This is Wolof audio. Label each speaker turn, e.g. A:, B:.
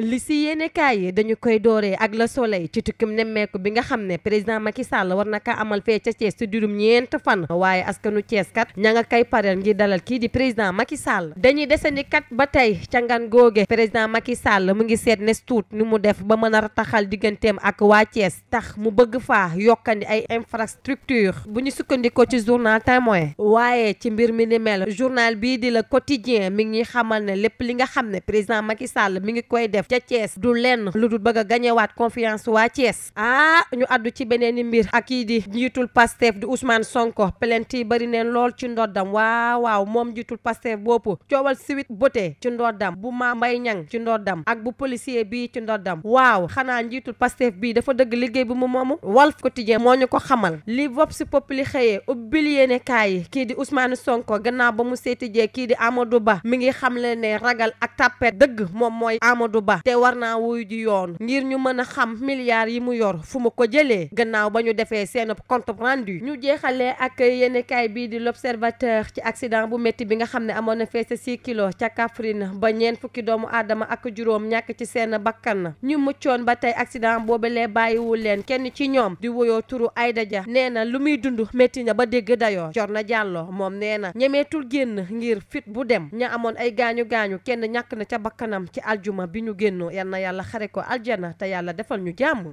A: li si yéenekaay yi dañu koy dooree ak Le Soleil ci tukkim nemmeeku bi nga xam ne président Macky Sall war na ka amal fee ca Thiès ci juróom ñeent fan waaye askanu Thiès kat ña nga koy pareel ngir dalal kii di président Macky Sall dañuy desandi kat ba tey ca ngan googe président Macky Sall mu ngi seet ne tuut ni mu def ba mën a rataxal digganteem ak waa Thiès tax mu bëgg faa yokkandi ay infrastructure bu ñu sukkandikoo ci journal Témoin waaye ci mbir mi ni mel journal bii di Le Quotidien mi ngi xamal ne lépp li nga xam ne président Macky Sall mi ngi koy def def ca Thiès du lenn lu dul bëgg a gañewaat confiance waa Thiès ah ñu addu ci beneen mbir ak kii di njiitul Pastef di Ousmane Sonko plainte yi bëri neen lool ci ndoddam waaw waaw moom njiitul Pastef boppu coowal siwit Beauté ci ndoddam bu Mame Mbaye Niang ci ndoddam ak bu policier bii ci ndoddam waaw xanaa njiitul Pastef bii dafa dëgg liggéey bi mu moomu Walf Quotidien moo ñu ko xamal li Vox Populi xëyee ubbil yéene kaay yi kii di usmaan Sonko gannaaw ba mu seeti jee kii di Amadou Ba mi ngi xamle ragal ak tàppet ba te war naa wuyu ji yoon ngir ñu mën a xam milliards yi mu yor fu ma ko jëlee gannaaw ba ñu defee seen compte rendu ñu jeexalee ak yéenekaay bii di l'observateur ci accident bu métti bi nga xam ne amoon na fee sa six kilo ca Kaffrine ba ñeent fukki doomu aadama ak juróom ñàkk ci seen bakkan na ñu muccoon ba tey accident boobu lee bàyyiwul leen kenn ci ñoom di woyoo turu Aïda Dia nee na lu muy dund métti na ba dégg dayoo jor na jàlloo moom nee na ñemeetul génn ngir fit dem génnoo yal na yàlla xare ko aljana te yàlla defal ñu jàmm